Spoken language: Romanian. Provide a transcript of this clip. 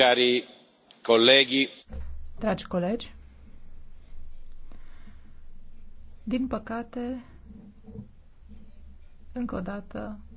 cari colegi dragi colegi din păcate încă o dată